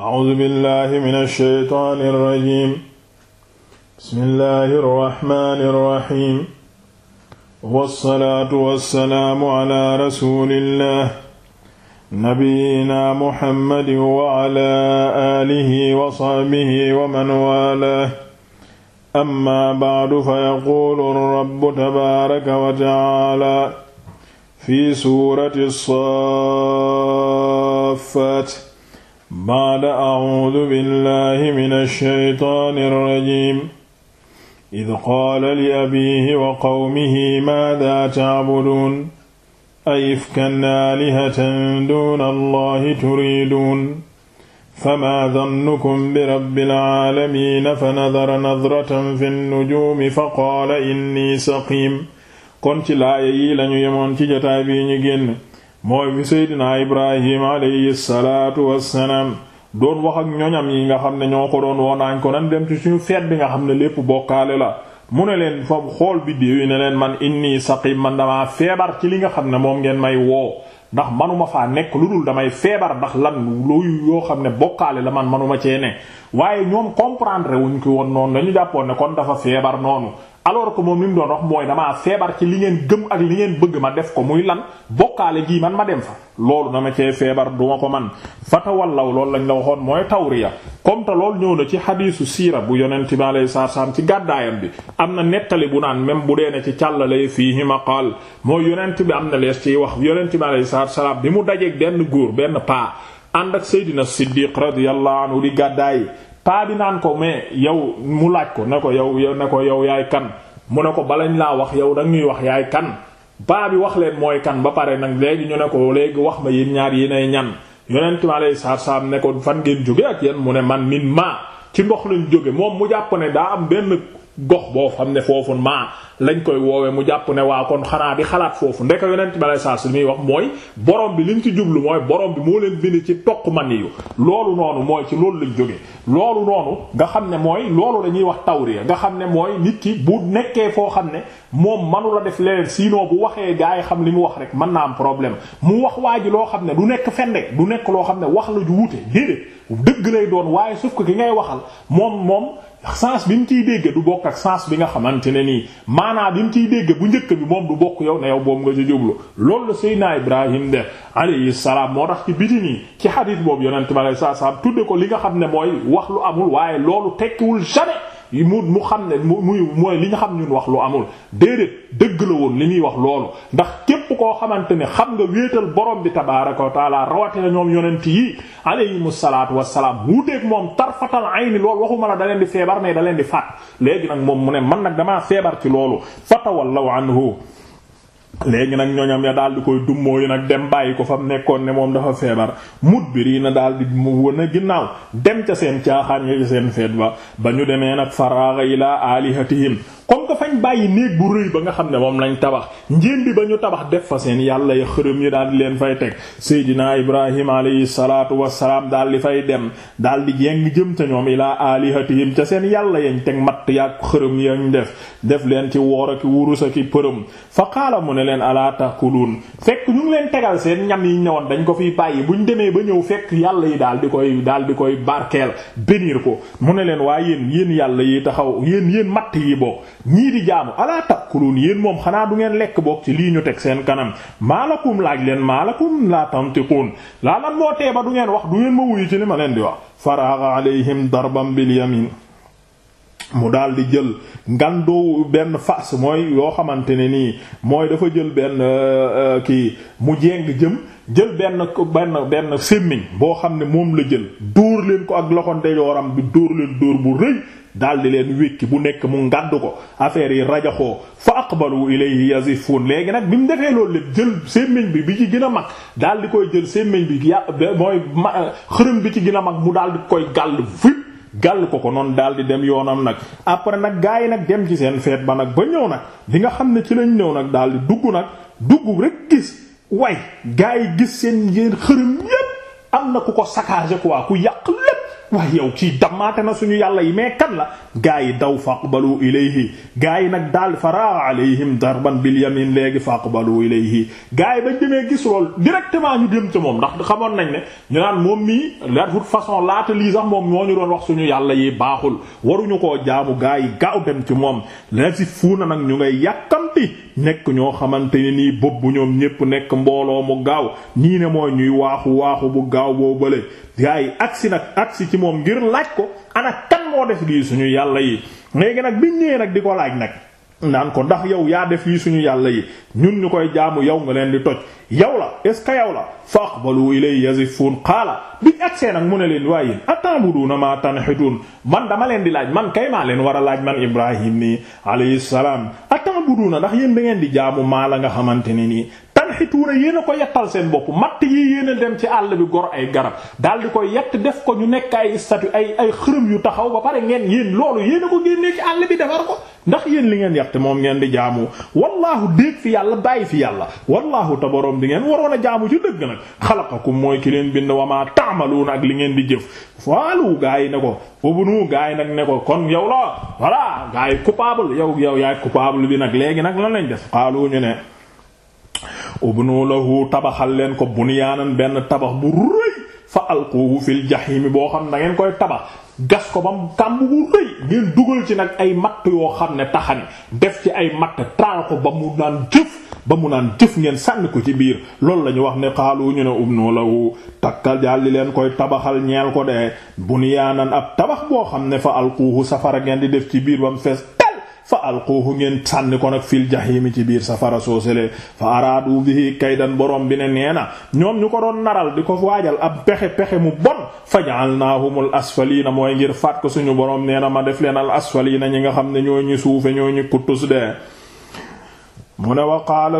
A'uuzu billaahi mina shaytaani rajiim. Bismillaahi rahmaani rahiim. Wassalaatu wassalaamu alaa rasuulillaah. Nabiyyinaa Muhammadin wa alaa aalihi wa sahbihi wa man waalaah. Ammaa ba'du fayaquulu rabbu tabaaraka wa ta'aalaa fii suurati Saaffaat. baada acuudu billahi min alsheytaani alrajim id qaala li abiihi wa qawmihi maada tacbuduun ay ifkan aalihatan duuna allahi turiiduun famaa dannukum birabbil caalamiina fanadara nadratan fi nnujuumi faqaala innii saqiim kon ci laaya yi lañu yemoon ci jotaay bi ñu génn mooy wi seydinaa ibrahim alayhi salaatu wassalaam doon wax ak ñoñam yi nga xam ne ñoo ko doon woonaañ ko nan dem ci suñu feet bi nga xam ne lépp bokkaale la mu ne leen fa xool biddiw yi ne leen man inni saqim man damaa feebar ci li nga xam ne moom ngeen may woo ndax manuma faa nekk lu dul damay feebar ndax lan loolu yoo xam ne bokkaale la man manuma cee ne waaye ñoom comprendre wuñ ko woon noonu dañu jàppoon ne kon dafa feebar noonu alors ko moom li mu doon wax mooy dama feebar ci li ngeen gëm ak li ngeen bëgg ma def ko muy lan bokkaale gii man ma dem fa loolu dama cee feebar ma ko man fatawal law loolu lañ la waxoon mooy tawriya comme te loolu ñëw na ci xadiisu siira bu yonente bi alayhi salaam ci gàddaayam bi am na nettali bu naan même bu dee ne ci càllale fiihi maqaal mooy yonent bi am na lees ciy wax yonente bi alayhi salaam bi mu dajeeg benn góor benn paa ànd ak seydina siddiq radiyallahu anhu di gàddaay paa bi naan ko mais yow mu laaj ko ne ko yow yow ne ko yow yaay kan mu ne ko ba lañ laa wax yow da ñuy wax yaay kan paa bi wax leen mooy kan ba pare nag léegi ñu ne ko léegi wax ma yéen ñaar yi nay ñan yonent ma lay saar saam ne ko fan ngeen jóge ak yéen mu ne man min maa ci ndox lañ jóge moom mu jàpp ne daa am benn gox boo xam ne foofu maa lañ koy woowee mu jàpp ne waa kon xanaa di xalaat foofu ndeka yonent bi alei sat s muy wax mooy borom bi liñ ci jublu mooy borom bi moo leen bind ci toq mani yu loolu noonu mooy ci loolu lañ jógee loolu noonu nga xam ne mooy loolu dañuy wax tawriya nga xam ne mooy nit ki bu nekkee foo xam ne moom manu def leneen sinon bu waxee gaa yi xam li mu wax rek mën naa am problème mu wax waa ji loo xam ne du nekk fende du nekk loo xam ne wax la ju wute déedéet dëgg lay doon waaye suuf ko ki ngay waxal moom moom sens bi mu ciy dégg du bokk ak sens bi nga xamante ne nii maanaa bi mu ciy dégg bu njëkk bi moom du bokk yow ne yow boobu nga ci jublu loolu la Seydina Ibrahim de alayhi salaam moo tax ci biti nii ci xadiis boobu yonent bi saa salaam tudde ko li nga xam ne mooy wax lu amul waaye loolu tekkiwul jamais mu mu xam ne muy mooy li nga xam ñun wax lu amul déedéet dëgg la woon li ñuy wax loolu ndax képp koo xamante ne xam nga wéetal borom bi tabaaraka wa taala rawatina ñoom yonent yi alayhimu salaatu wassalaam wuuteeg moom tarfatal ayni loolu waxuma la da leen di feebar mais da leen di faat léegi nag moom mu ne man nag damaa feebar ci loolu fata fatawallaw anhu léegi nag ñoñam ya daal di koy dummóoyu nag dem bàyyi ko fa mu nekkoon ne moom dafa feebar mudbiri na daal di mu wane ginnaaw dem ca seen caaxaan ya ca seen feet ba ba ñu demee nag faraaga ilaa alihatihim bàyyi néeg bu rëy ba nga xam ne moom lañ tabax njéndi ba ñu tabax def fa seen yàlla ya xërëm yi daal di leen fay teg seydinaa ibrahim alayhi salaatu wassalaam daal di fay dem daal di jeng jëm sa ñoom ilaa alihatihim ca seen yàlla yañ teg matt yaak xërëm yañ def def leen ci woor ak wurus ak përëm fa qaala mu ne leen alaata ku takuluun fekk ñu ngi leen tegal seen ñam yi ñëwoon dañ ko fiy bàyyi ñu demee ba ñëw fekk yàlla yi daal di koy daal di koy barkeel bénir ko mu ne leen waa yàlla yi taxaw yéen yéen matt yi jaamu alaa takkulun yéen moom xanaa du ngeen lekk bokk ci lii ñu teg seen kanam maalakum laaj leen maalakum laa tantiqun laa lan moo tee du ngeen wax du ngeen ma wuyu ci li ma leen di wax faraaga alayhim darban bil yamin mu hmm. daal di jël ngandoo benn fas mooy yoo xamante ne nii mooy dafa jël benn euh, euh, kii mu jeng jëm jël benn benn benn sémmiñ boo xam ne moom la jël dóor leen ko ak loxo ndeyooram bi dóor leen dóor bu rëy di leen wékki bu nekk mu ngàdd ko affaire yi rajaxoo fa aqbalu ilayhi yazifun léegi nag bi mu defee loolu lépp jël sémmiñ bi bi ci gën a mag di koy jël sémmiñ bi ya mooy xërëm bi ci gën a mag mu di koy gàll vip gàll ko ko noonu daal di dem yoonam nag après nag gaa yi nag dem ci seen feet ba nag ba ñëw nag li nga xam ne ci lañ ñëw nag daal di dugg nag dugg rek gis waay gaa yi gis seen yéen xërëm yépp am na ku ko saccagé quoi ku yàq wax yow kii dammaate na suñu yàlla yi mais kan la gaa yi daw faqbalu ilayhi gaa yi nag daal faraa alayhim darban bil yamin léegi faqbalu ilayhi gaa yi bañ demee gis lool directement ñu dem ci moom ndax xamoon nañ ne ñu naan moom mii la toute façon laata lii sax moom moo ñu doon wax suñu yàlla yi baaxul waruñu koo jaamu gaa yi gaaw dem ci moom la si na nag ñu ngay yàkkamti nekk ñoo xamante ni nii bopp bu ñoom ñépp nekk mbooloo mu gaaw ñii ne mooy ñuy waaxu waaxu bu gaaw boo moom ngir laaj ko ana kan moo def lii suñu yàlla yi léegi nag biñ ñëwee nag di ko laaj nag naan ko ndax yow yaa def yi suñu yàlla yi ñun ñu koy jaamu yaw nga leen di toj yow la est ce que yow la fa aqbalu ilay yazifun qaala bi agsee nag mu ne leen waaye ata'buduna ma tanhitun man dama leen di laaj man kay maa leen war a laaj man ibrahim nii alayhi salaam ata'buduna ndax yéen da ngeen di jaamu maa la nga xamante ne nii talxituuna yéen a ko yettal seen bopp matt yi yéen a dem ci àll bi gor ay garab daal di koy yett def ko ñu nekk ay statue ay ay xërëm yu taxaw ba pare ngeen yéen loolu yéen a ko génnee ci àll bi defar ko ndax yéen li ngeen yett moom ngeen di jaamu wallaahu dégg fi yàlla bàyyi fi yàlla wallaahu te boroom bi ngeen waroon a jaamu ci dëgg nag xalaqakum mooy ki leen bind wamaa taamaluuna ak li ngeen di jëf faalu gaa yi ne ko ubunu gaa yi nag ne ko kon yow la voilà gaa yi coupable yow yow yaay coupable bi nag léegi nag lan lañ def xaalu ñu ne ubnu lahu tabaxal leen ko bunyaanan benn tabax bu fa alquhu fil jahimi boo xam ne da ngeen koy tabax gas ko bam kàmb bu rëy dugal ci nag ay matt yoo xam ne taxani def ci ay matt taal ba mu naan jëf ba mu naan jëf ngeen sànni ko ci biir loolu la ñu wax ne xaalu ñu ne ubnu lahu takkal daal di leen koy tabaxal ñeel ko de bunyaanan ab tabax boo xam ne fa alquhu safara ngeen di def ci biir ba mu fees fa alquuhu ngeen sànni ko nag fil jahiimi ci biir safara soosele fa araadu bihi kaydan borom bi ne nee na ñoom ñu ko doon naral di ko waajal ab pexe pexe mu bon fa faj'alnaahumul asfaliina mooy ngir faat ko suñu boroom nee na ma def leen al asfaliina ñi nga xam ne ñoo ñu suufe ñoo ñu kuttus de mu ne wa qaala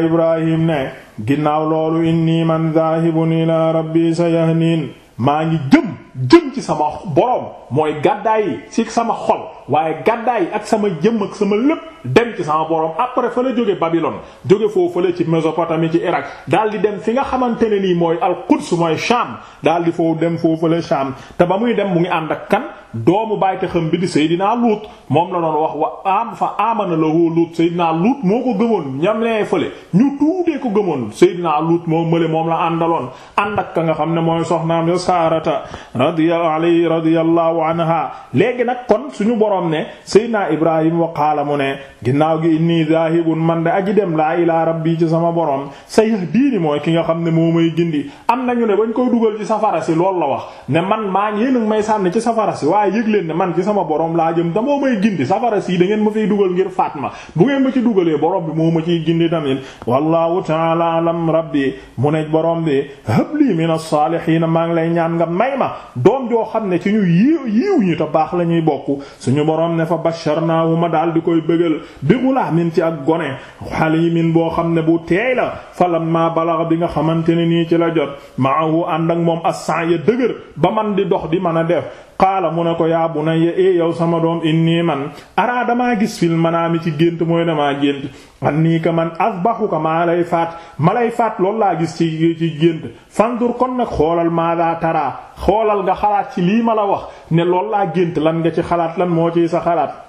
ibrahim ne ginnaaw loolu inni man daahibun ilaa rabbi sayahniin maa ngi jëm jëm ci sama borom mooy gàddaay ci sama xol waaye gàddaay ak sama jëm ak sama lépp dem ci sama borom après fa la jóge Babylone jóge foofu la ci Mésopotamie ci Irak daal di dem fi nga xamante ne nii mooy al-Quds mooy Sham daal foofu dem foofu la Sham te ba muy dem mu ngi ànd ak kan doomu bàyte xam bi di Seydina Luut moom la doon wax wa am fa amana lahu Luut Seydina Luut moo ko gëmoon ñam nee fële ñu tuutee ko gëmoon Seydina Luut moo mële moom la àndaloon ànd ak ka nga xam ne mooy soxnaam ya Saarata radiya alayhi radiyallahu anha léegi nag kon suñu borom ne Seydina Ibrahim wa qaala mu ne ginnaaw gi inni zaahibun man de aji dem laa ilaa rabbi ci sama borom sayahdini mooy ki nga xam ne moo may gindi am nañu ne bañ koy dugal ci safara si loolu la wax ne man maa ngi yéen may sànni ci safara si waaye yëg leen ne man ci sama borom laa jëm te moo may gindi safara si da ngeen ma fiy dugal ngir faat ma bu ngeen ma ci dugalee borom bi moo ma ciy gindi tamit wallahu ta'ala rab rabbi mu ne borom bi habli minas saalihiin maa ngi lay ñaan nga may ma doom joo xam ne ci ñu yiw yiw baax la ñuy bokk suñu borom ne fa basharnaahu ma daal di koy bëggal bi gulaamin ci ak gone xalimin boo xam ne bu teey la falamma balagha bi nga xamante ne nii ci la jot ma maahu ànd ak moom assan ya dëgër ba man di dox di mën a def qaala mu ne ko yaa bunayya e yow sama doom inni man araa damaa gis fil manaami ci gént mooy damaa gént nii ka man asbahuka maa lay faat ma lay faat loolu laa gis ci ci gént fandur kon nag xoolal maadaa taraa xoolal nga xalaat ci lii ma la wax ne loolu laa gént lan nga ci xalaat lan moo ciy sa xalaat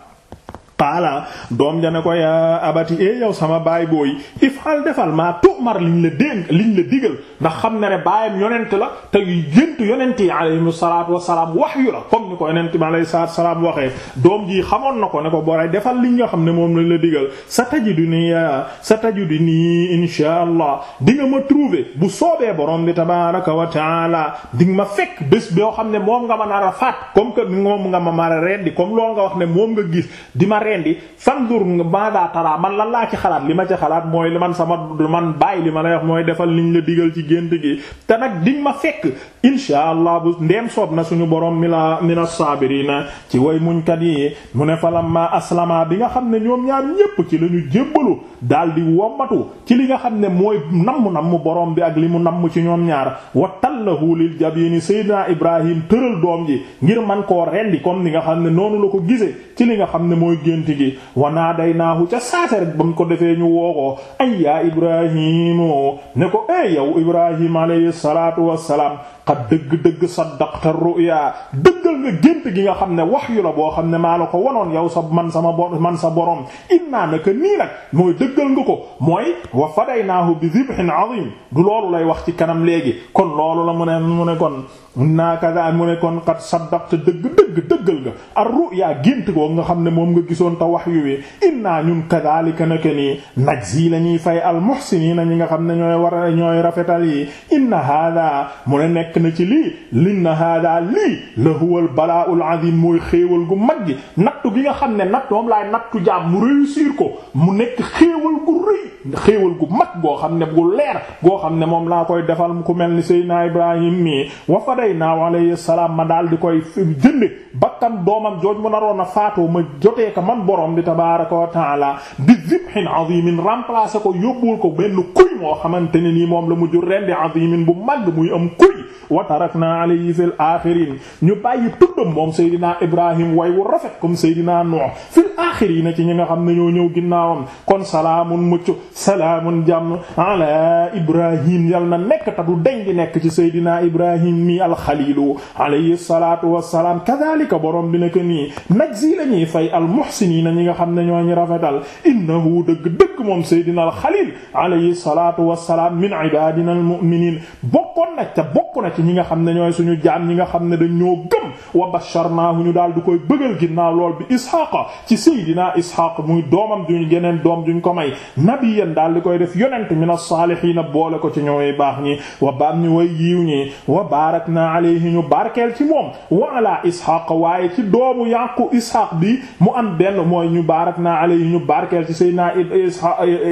qaala doom ja ne ko yaa abati e yow sama baay booy ifal defal maa tu'mar liñ la dénk liñ la digal ndax xam ne ne baayam yonent la te géntu yonent yi alayhi salaatu wasalaam wax yu la comme ni ko yonent bi alayhi salaatu wasalaam doom ji xamoon na ko ne ko boray defal liñ nga xam ne moom lañ la digal sa tajiduni yaa sa tajiduni insha allah di nga ma trouver bu soobee borom bi tabaaraka wa taala di nga ma fekk bés boo xam ne moom nga ma nar a faat comme que moom nga ma mara rendi comme loo nga wax ne moom nga gis ngeen di fandur maada man lan laa ci xalaat li ma ci xalaat mooy man sama man bàyyi li ma lay wax mooy defal liñ la digal ci gént gi te nag diñ ma fekk insha allah bu ndeem soob na suñu borom mi la mina saabirina ci way muñkat yi mu ne fa ma aslama bi nga xam ne ñoom ñaar ñépp ci lañu jébbalu daal di wommatu ci li nga xam ne mooy namm namm borom bi ak li mu namm ci ñoom ñaar wa tallahu lil jabini sayyidina ibrahim tëral doom ji ngir man koo rendi comme ni nga xam ne noonu la ko gisee ci li nga xam ne mooy gént gi wanaa day naahu ca saase rek ba ko defee ñu woo ko ay yaa ibrahimu ne ko e yow ibrahim alayhi salatu wassalam qad dëgg-dëgg saddaqta ru'ya dëggal nga gént gi nga xam ne wahyu la boo xam ne maa la ko wanoon yow sa man sama man sa borom inna naka nii nag mooy dëggal nga ko mooy wa fadaynaahu bi dhibhin azim du loolu lay wax ci kanam léegi kon loolu la mu ne mu ne kon inna kada mu ne kon qad saddaqta dëgg-dëgg dëggal nga ar-ru'ya gént goo nga xam ne moom nga gisoon te wahyu wi inna ñun kadhalika naka nii najzi lañuy fay al muhsinin ñi nga xam ne ñooy war ñooy rafetal yi inna hada mu ne nekk na ci lii linna hada lii la huwal balaaul azim mooy xéewal gu mag gi nattu gi nga xam ne natt moom laay nattu jaam mu réussir ko mu nekk xéewal gu rëy xéewal gu mag goo xam ne bu leer goo xam ne moom laa koy defal ku mel ni Seydina Ibrahim mi wa fadeynaahu alayhi salaam ma daal di koy jënde bakkan doomam jooj mu naroon a faatoo ma jotee ka man borom di tabaaraka wa bi zibhin azimin remplacer ko yóbbul ko benn kuy moo xamante nii moom la mujj wa tarakna alayhi fil axirin ñu bàyyi tuddam moom Seydina Ibrahim way wu rafet comme Seydina Nuh fil axirin ci ñi nga xam ne ñoo ñëw ginnaawam kon salaamun mucc salaamun jàmm ala Ibrahim yal na nekk ta du deñ di nekk ci Seydina Ibrahim mi alxalilu alayhi salatu wasalaam kadhalika borom bi nekk nii najzi la ñuy fay al muhsiniina ñi nga xam ne ñoo ñu rafetal innahu dëgg dëgg moom Seydina al xalil alayhi salatu wasalaam min ibadina al mu'minin bokkoon na bokk na ci ñi nga xam ne ñooy suñu jaam ñi nga xam ne dañ ñoo gërëm wa basharnaahu ñu daal di koy bëggal ginnaaw lool bi ishaqa ci seydinaa ishaq muy doomam duñu geneen doom duñ ko may nabiyan daal di koy def yonent min as-saalihiina boole ko ci ñooy baax ñi wa baam ñi way yiiw ñi wa baaraknaa alayhi ñu barkeel ci moom wa ala ishaq waaye ci doomu yàqu ishaq bi mu am benn mooy ñu baaraknaa alayhi ñu barkeel ci seydinaa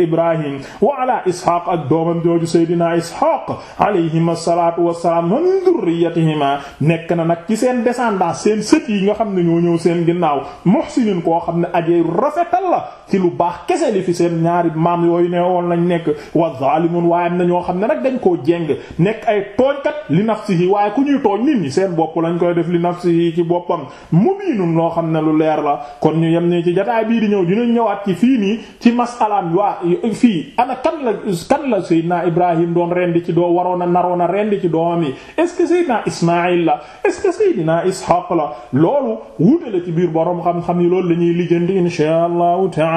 ibrahim wa ala ishaq ak doomam jooju seydinaa ishaq alayhima salaatu wassalaam min durriyatihima nekk na nag ci seen descendance seen sët yi nga xam ne ñoo ñëw seen ginnaaw muhsinin koo xam ne ajeeru rafetal la ci lu baax kese li fi seen ñaari maam yooyu ne woon lañ nekk wa zalimun waaye am na ñoo xam ne nag dañ koo jéng nekk ay tooñkat li nafsihi waaye ku ñuy tooñ nit ñi seen bopp lañ koy def li nafsihi ci boppam mu mubiinun loo xam ne lu leer la kon ñu yem nii ci jotaay bii di ñëw dinañ ñëwaat ci fii nii ci masalaam waa fii ana kan la kan la Seydina Ibrahim doon rendi ci doo waroon a naroon a rendi ci doomam yi est-ce que Seydina Ismaïl la est Seydina Ishaq la loolu wuute la ci biir borom xam-xam yi loolu la ñuy